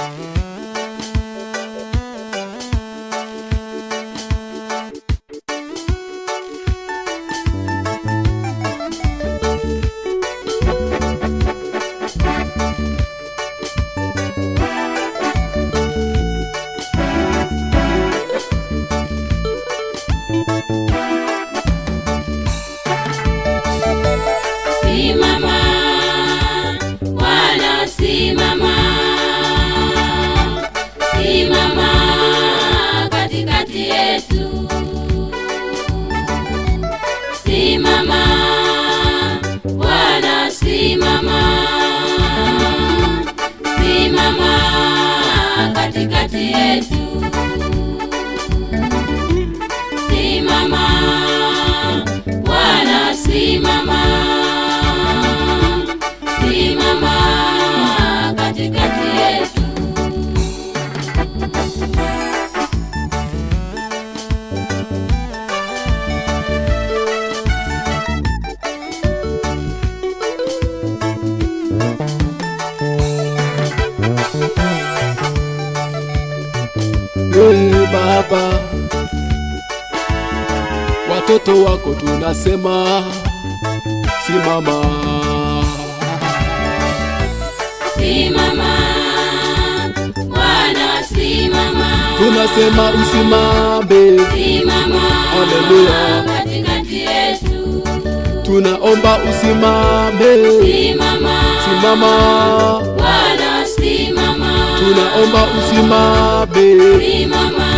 Thank mm-hmm. you. Red. hapa, watoto wako tunasema simama, simama, Bwana simama, tunasema usimame, simama, haleluya, katikati Yesu, tunaomba usimame, simama, simama Bwana simama, tunaomba usimame, simama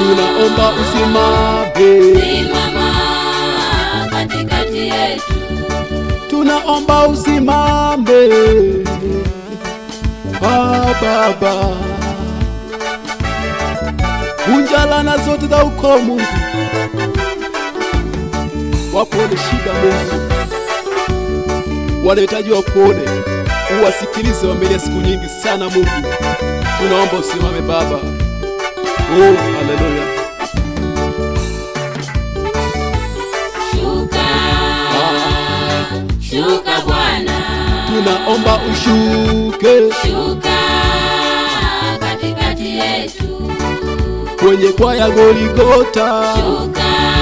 tunaomba usimame, simama katikati tunaomba usimame Baba, zote za ukomu, wapo shida Mungu wanahitaji wakuone, uwasikilize. Wamelia siku nyingi sana. Mungu, tunaomba usimame Baba. Oh, haleluya. Shuka, Shuka Bwana, tunaomba ushuke, shuka katikati yetu kwenye kwaya Goligota, shuka,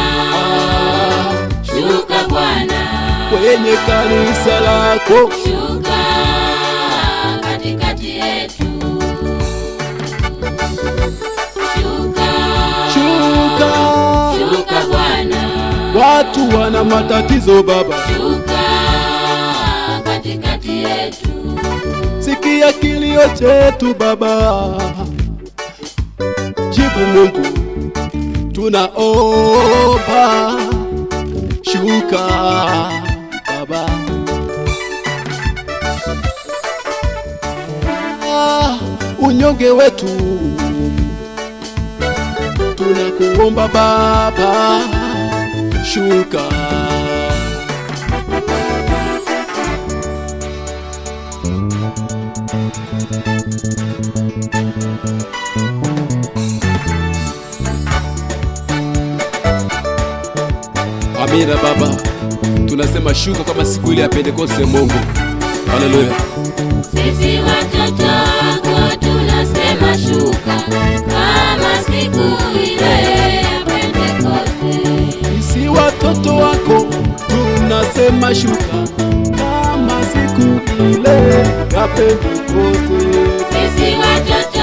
Shuka Bwana kwenye kanisa lako. Shuka katikati yetu, shuka, shuka, shuka Bwana. Watu wana matatizo Baba, shuka katikati yetu, sikia kilio chetu Baba, jibu Mungu, tunaomba shuka unyonge wetu, tunakuomba Baba, shuka Amina Baba, tunasema shuka kama siku ile ya Pentekoste. Mungu, haleluya kama siku ile ya Pentekoste. Sisi watoto wako tunasema shuka kama siku ile ya Pentekoste. Sisi watoto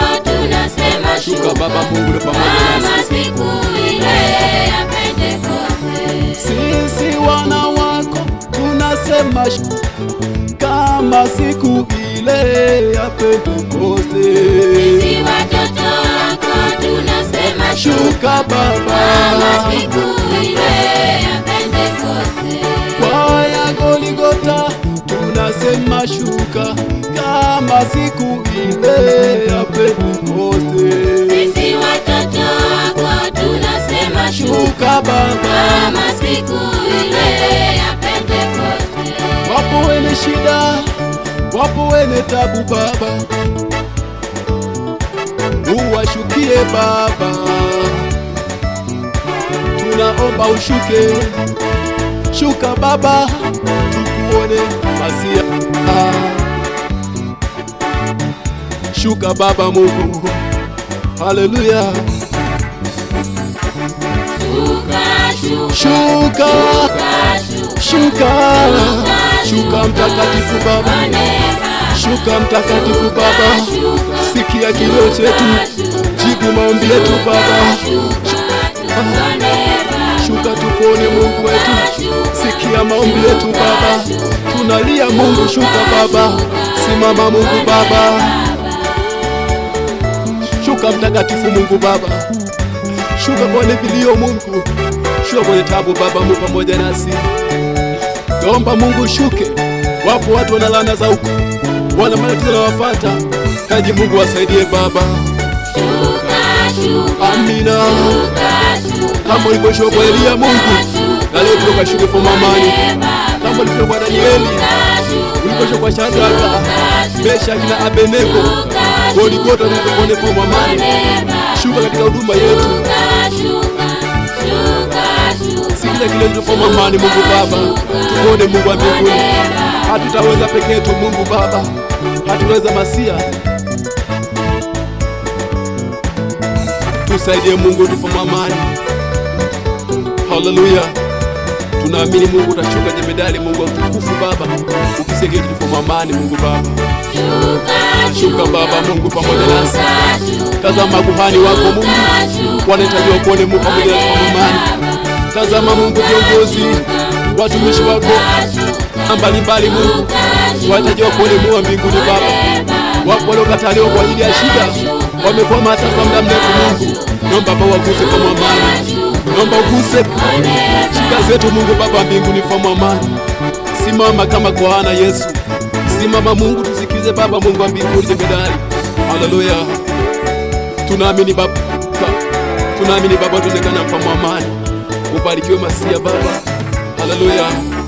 wako tunasema shuka Baba Mungu kama siku ile ya Pentekoste. Sisi wana wako tunasema shuka kama siku ile ya Pentekoste. Baba, kama siku ile ya Pentekoste. Wapo wenye shida, wapo wenye tabu Baba, uwashukie Baba, tunaomba ushuke, shuka Baba, tukuone masia, shuka Baba Mungu, haleluya. shuka shuka shuka mtakatifu Baba, shuka mtakatifu Baba, sikia kilio chetu, jibu maombi yetu Baba, shuka tupone Mungu wetu, sikia maombi yetu Baba, tunalia Mungu, shuka Baba, simama Mungu Baba, shuka mtakatifu Mungu Baba, shuka kwa vilio Mungu ukiwa kwenye tabu, Baba mu pamoja nasi. Naomba Mungu shuke, wapo watu wana laana za huko, wana matatizo na wafata kaji. Mungu wasaidie Baba. Amina, kama ulivyoshuka kwa Elia Mungu, na leo pia ukashuke kwa Mamani, kama ulivyoshuka kwa Danieli, ulivyoshuka kwa Shadraka, Meshaki na Abednego, Goligota, kwa Mamani. Shuka katika huduma yetu. Tuache kile tulichokuwa mamani, Mungu Baba, tuone Mungu wa mbinguni, hatutaweza peke yetu, Mungu Baba, hatuweza masia, tusaidie Mungu, tupe mamani. Haleluya, tunaamini Mungu utashuka jemedali, Mungu wa utukufu Baba, ukisikia kile tulichokuwa mwamani, Mungu Baba, shuka Baba Mungu pamoja nasi. Tazama kuhani wako Mungu, wanahitajiwa kuone Mungu pamoja nasi kwa amani Tazama Mungu kiongozi, watumishi wako mbalimbali, Mungu wateja wako mbinguni, Baba wapo waliokataliwa kwa ajili ya shida, wamekwama hata kwa muda mrefu. Mungu nomba Baba waguse kwa amani, naomba uguse shida zetu Mungu Baba wa mbinguni kwa amani. Simama kama kwa ana Yesu, simama Mungu, tusikilize Baba Mungu wa mbinguni jemedari. Haleluya, tunaamini Baba, tunaamini Baba, tuonekana kwa mwamani ubarikiwe Masia Baba. Haleluya.